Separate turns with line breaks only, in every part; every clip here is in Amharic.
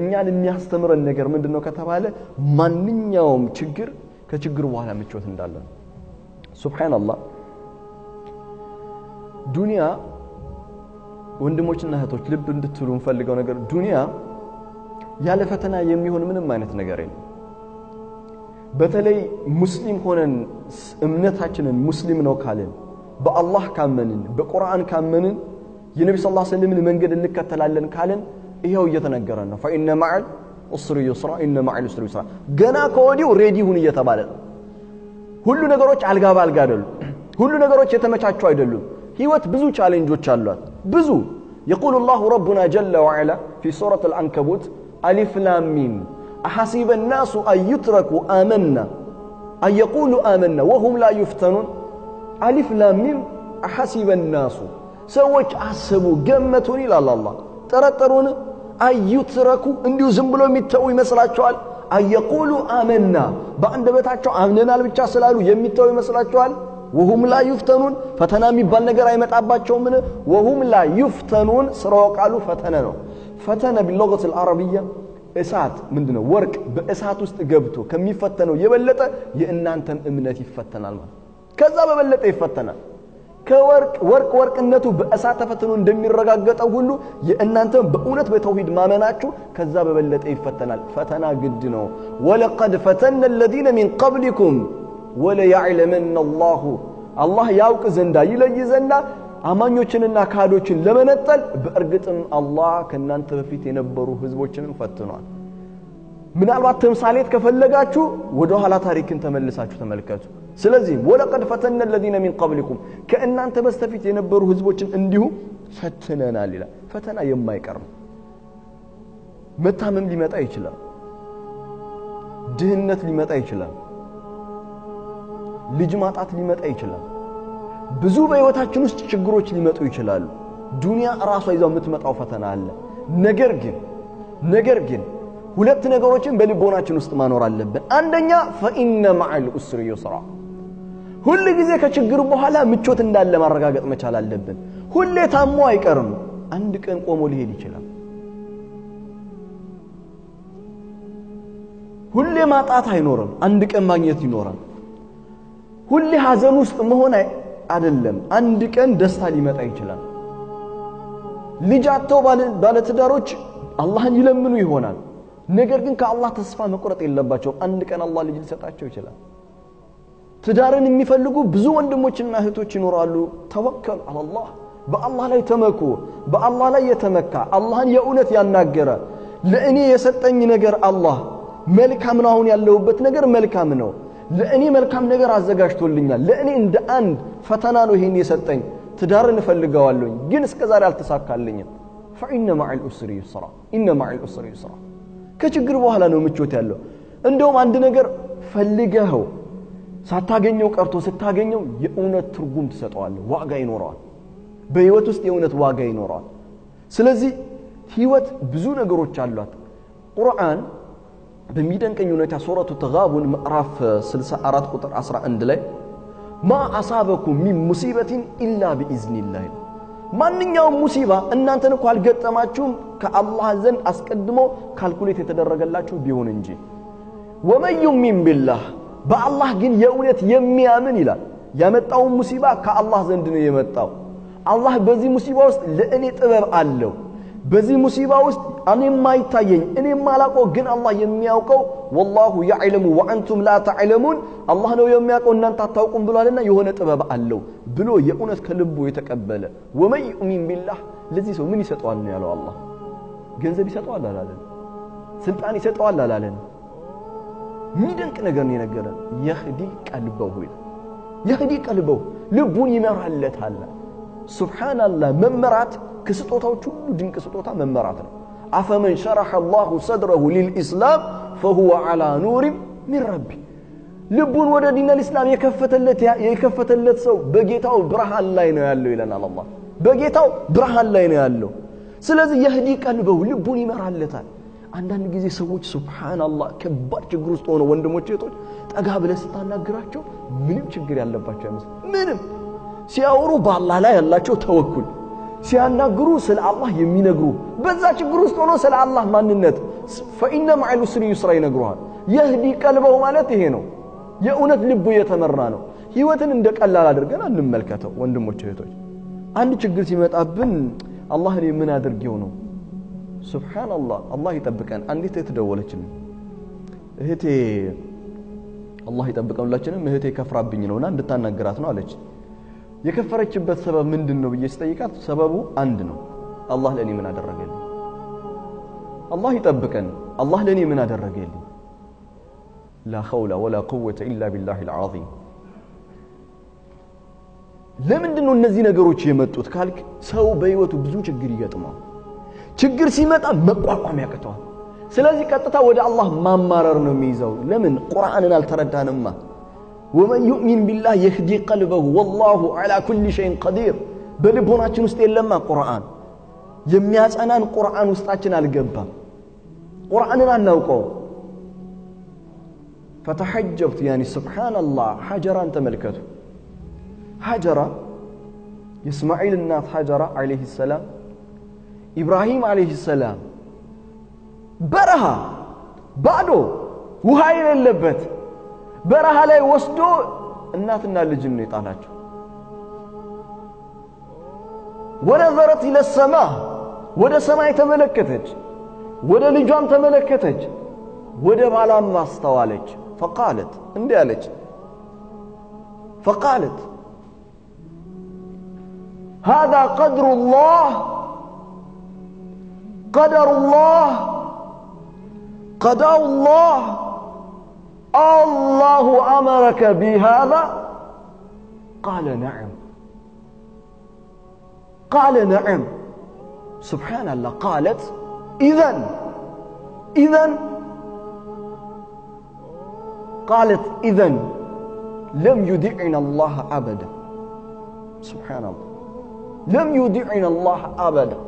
እኛን የሚያስተምረን ነገር ምንድን ነው ከተባለ ማንኛውም ችግር ከችግሩ በኋላ ምቾት እንዳለ ነው። ሱብሓነላህ ዱንያ ወንድሞችና እህቶች ልብ እንድትሉ እንፈልገው ነገር ዱንያ ያለ ፈተና የሚሆን ምንም አይነት ነገር የለም። በተለይ ሙስሊም ሆነን እምነታችንን ሙስሊም ነው ካልን በአላህ ካመንን፣ በቁርአን ካመንን፣ የነቢ ስ ሰለምን መንገድ እንከተላለን ካልን ይኸው እየተነገረን ነው። ፈኢነ ማዕል ኡስሪ ዩስራ፣ ኢነ ማዕል ኡስሪ ዩስራ። ገና ከወዲሁ ሬዲ ሁን እየተባለ ነው። ሁሉ ነገሮች አልጋ በአልጋ አይደሉም። ሁሉ ነገሮች የተመቻቹ አይደሉም። ህይወት ብዙ ቻሌንጆች አሏት። ብዙ يقول الله ربنا جل وعلا في سورة العنكبوت ألف لام ميم أحسب الناس أن يتركوا آمنا أن يقولوا آمنا وهم لا يفتنون ألف لام ميم أحسب الناس سوك أحسبوا جمتون إلى الله ترى ترون አዩትረኩ እንዲሁ ዝም ብሎ የሚተው ይመስላቸዋል አየቁሉ አመና በአንደበታቸው አምነናል ብቻ ስላሉ የሚተው ይመስላቸዋል ወሁም ላ ዩፍተኑን ፈተና የሚባል ነገር አይመጣባቸውምን ወሁም ላ ዩፍተኑን ስራው ቃሉ ፈተነ ነው ፈተነ ቢሎገት ልአረብያ እሳት ምንድነው ወርቅ በእሳት ውስጥ ገብቶ ከሚፈተነው የበለጠ የእናንተን እምነት ይፈተናል ማለት ከዛ በበለጠ ይፈተናል ከወርቅ ወርቅ ወርቅነቱ በእሳት ተፈትኖ እንደሚረጋገጠው ሁሉ የእናንተም በእውነት በተውሂድ ማመናችሁ ከዛ በበለጠ ይፈተናል። ፈተና ግድ ነው። ወለቀድ ፈተነ አለዚነ ሚን ቀብሊኩም ወለያዕለመና አላሁ አላህ ያውቅ ዘንዳ ይለይ ዘንዳ አማኞችንና ካዶችን ለመነጠል በእርግጥም አላህ ከእናንተ በፊት የነበሩ ህዝቦችንም ፈትኗል። ምናልባት ተምሳሌት ከፈለጋችሁ ወደ ኋላ ታሪክን ተመልሳችሁ ተመልከቱ። ስለዚህ ወለቀድ ፈተነ ለዚነ ሚን ቀብሊኩም ከእናንተ በስተፊት የነበሩ ህዝቦችን እንዲሁ ፈትነናል ይላል። ፈተና የማይቀር ነው። መታመም ሊመጣ ይችላል። ድህነት ሊመጣ ይችላል። ልጅ ማጣት ሊመጣ ይችላል። ብዙ በህይወታችን ውስጥ ችግሮች ሊመጡ ይችላሉ። ዱንያ ራሷ ይዛው የምትመጣው ፈተና አለ። ነገር ግን ነገር ግን ሁለት ነገሮችን በልቦናችን ውስጥ ማኖር አለብን። አንደኛ ፈኢነ ማዕል ኡስር ዩስራ፣ ሁል ጊዜ ከችግር በኋላ ምቾት እንዳለ ማረጋገጥ መቻል አለብን። ሁሌ ታሞ አይቀርም። አንድ ቀን ቆሞ ሊሄድ ይችላል። ሁሌ ማጣት አይኖርም። አንድ ቀን ማግኘት ይኖራል። ሁሌ ሀዘን ውስጥ መሆን አይደለም። አንድ ቀን ደስታ ሊመጣ ይችላል። ልጅ ባለትዳሮች አላህን ይለምኑ ይሆናል። ነገር ግን ከአላህ ተስፋ መቁረጥ የለባቸው አንድ ቀን አላህ ልጅ ሊሰጣቸው ይችላል። ትዳርን የሚፈልጉ ብዙ ወንድሞችና እህቶች ይኖራሉ። ተወከሉ አላህ፣ በአላህ ላይ ተመኩ። በአላህ ላይ የተመካ አላህን የእውነት ያናገረ ለእኔ የሰጠኝ ነገር አላህ መልካም ነው። አሁን ያለሁበት ነገር መልካም ነው። ለእኔ መልካም ነገር አዘጋጅቶልኛል። ለእኔ እንደ አንድ ፈተና ነው ይሄን የሰጠኝ። ትዳርን እፈልገዋለሁኝ፣ ግን እስከ ዛሬ አልተሳካልኝም። ፈኢነ ማዕል ኡስሪ ዩስራ፣ ኢነ ማዕል ኡስሪ ዩስራ ከችግር በኋላ ነው ምቾት ያለው። እንደውም አንድ ነገር ፈልገኸው ሳታገኘው ቀርቶ ስታገኘው የእውነት ትርጉም ትሰጠዋለህ፣ ዋጋ ይኖረዋል። በህይወት ውስጥ የእውነት ዋጋ ይኖረዋል። ስለዚህ ህይወት ብዙ ነገሮች አሏት። ቁርአን በሚደንቀኝ ሁኔታ ሱረቱ ተጋቡን ምዕራፍ 64 ቁጥር 11 ላይ ማ አሳበኩም ሚን ሙሲበትን ኢላ ቢኢዝኒላህ ማንኛውም ሙሲባ እናንተን እኳ አልገጠማችሁም ከአላህ ዘንድ አስቀድሞ ካልኩሌት የተደረገላችሁ ቢሆን እንጂ ወመን ዩሚን ቢላህ በአላህ ግን የእውነት የሚያምን ይላል ያመጣውን ሙሲባ ከአላህ ዘንድ ነው የመጣው አላህ በዚህ ሙሲባ ውስጥ ለእኔ ጥበብ አለው በዚህ ሙሲባ ውስጥ እኔ የማይታየኝ እኔ ማላውቀው ግን አላህ የሚያውቀው ወላሁ ያዕለሙ ወአንቱም ላ ተዕለሙን አላህ ነው የሚያውቀው እናንተ አታውቁም ብሏልና የሆነ ጥበብ አለው ብሎ የእውነት ከልቡ የተቀበለ ወመን ዩእሚን ቢላህ ለዚህ ሰው ምን ይሰጠዋል ነው ያለው አላህ ገንዘብ ይሰጠዋል አላለን ስልጣን ይሰጠዋል አላለን የሚደንቅ ነገር ነው የነገረን የህዲ ቀልበሁ ይላል የህዲ ቀልበው ልቡን ይመራለታል ሱብሓናላህ መመራት كسطوتاو تشولو دينك سطوتا ممراتنا أفمن شرح الله صدره للإسلام فهو على نور من ربي لبون ودا دين الإسلام يكفت التي يكفت التي سو بقيتاو براها الله ينهالو إلى الله بقيتاو براها الله ينهالو سلازي يهدي قلبه لبون يمرها اللتان عندنا جزي سويت سبحان الله كبر تجروس تونا وند مجيتو أجاب لستان نجراتو تجري على بحاجة مس سيأورو بالله لا يلا توكل توكل ሲያናግሩ ስለ አላህ የሚነግሩ በዛ ችግር ውስጥ ሆኖ ስለ አላህ ማንነት ፈኢነ ማዕሉ ስሪ ዩስራ ይነግሩሃል። የህዲ ቀልበው ማለት ይሄ ነው። የእውነት ልቡ የተመራ ነው። ህይወትን እንደ ቀላል አድርገን አንመልከተው። ወንድሞች እህቶች፣ አንድ ችግር ሲመጣብን አላህን የምን አድርጌው ነው? ሱብሓነላህ አላህ ይጠብቀን። አንዲት እህት እህቴ አላህ ይጠብቀን ሁላችንም፣ እህቴ ከፍራብኝ ነውና እንድታናግራት ነው አለችን። የከፈረችበት ሰበብ ምንድን ነው ብዬ ስጠይቃት ሰበቡ አንድ ነው። አላህ ለእኔ ምን አደረገልኝ? አላህ ይጠብቀን። አላህ ለእኔ ምን አደረገልኝ? ላ ኸውላ ወላ ቁወተ ኢላ ቢላሂል ዓዚም። ለምንድን ነው እነዚህ ነገሮች የመጡት ካልክ፣ ሰው በህይወቱ ብዙ ችግር ይገጥመዋል። ችግር ሲመጣ መቋቋም ያቅተዋል። ስለዚህ ቀጥታ ወደ አላህ ማማረር ነው የሚይዘው። ለምን ቁርአንን አልተረዳንማ ومن يؤمن بالله يهدي قلبه والله على كل شيء قدير بلبوناتشن استيلما قرآن يمياس أنا قرآن استاتشن على قرآن أنا نوقو فتحجبت يعني سبحان الله حجرا أنت ملكته حجر إسماعيل النات حجرا عليه السلام إبراهيم عليه السلام برها بعده وهاي اللبت برها لا يوسدو الناتنا لجن يطالج ونظرت إلى السماء ودى سماء تملكتج ودى لجوان تملكتج ودى بعلام ما استوالج فقالت انديالج فقالت هذا قدر الله قدر الله قدر الله, قدر الله الله امرك بهذا قال نعم قال نعم سبحان الله قالت اذا اذا قالت اذا لم يدعنا الله ابدا سبحان الله لم يدعنا الله ابدا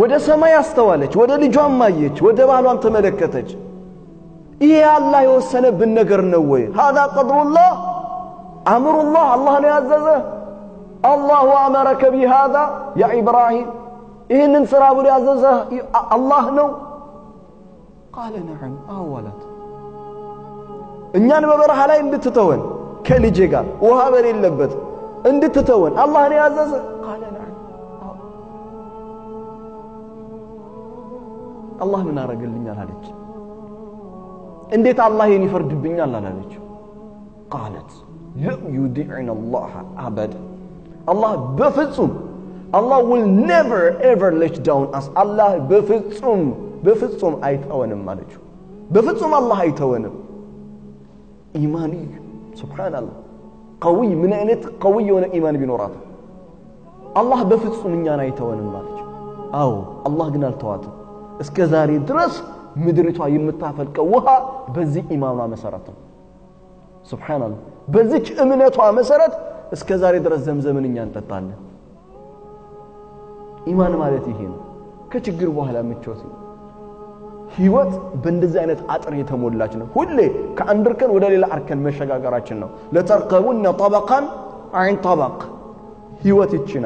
ወደ ሰማይ አስተዋለች፣ ወደ ልጇም አየች፣ ወደ ባሏም ተመለከተች። ይሄ አላህ የወሰነብን ነገር ነው ወይ? هذا قدر አምሩላህ أمر ነው ያዘዘ አላሁ አመረከ ቢሃذا ያ ኢብራሂም ይህንን ስራ ብሎ ያዘዘ አላህ ነው ቃለ ነዓም አዎ እኛን በበረሃ ላይ እንድትተወን ከልጄ ጋር ውሃ በሌለበት እንድትተወን አላህ ነው ያዘዘ አላህ ምን አረገልኛል አለች እንዴት አላህ ይህን ይፈርድብኛል አላለችው ቃለት ለም ዩዲዕን አላህ አበዳ አላህ በፍጹም አላህ ውል ኔቨር ኤቨር ሌት ዳውን አስ አላህ በፍጹም በፍጹም አይተወንም አለችው በፍጹም አላህ አይተወንም ኢማኒ ሱብሓንላህ ቀዊይ ምን አይነት ቀዊይ የሆነ ኢማን ቢኖራት አላህ በፍጹም እኛን አይተወንም አለችው አዎ አላህ ግን አልተዋትም እስከ ዛሬ ድረስ ምድሪቷ የምታፈልቀው ውሃ በዚህ ኢማኗ መሰረት ነው። ሱብሓንላህ በዚች እምነቷ መሰረት እስከ ዛሬ ድረስ ዘምዘምን እኛ እንጠጣለን። ኢማን ማለት ይሄ ነው። ከችግር በኋላ ምቾት ህይወት በእንደዚህ አይነት አጥር የተሞላች ነው። ሁሌ ከአንድ እርከን ወደ ሌላ እርከን መሸጋገራችን ነው። ለተርከቡነ ጠበቃን አይን ጠበቅ ህይወት ይችናል።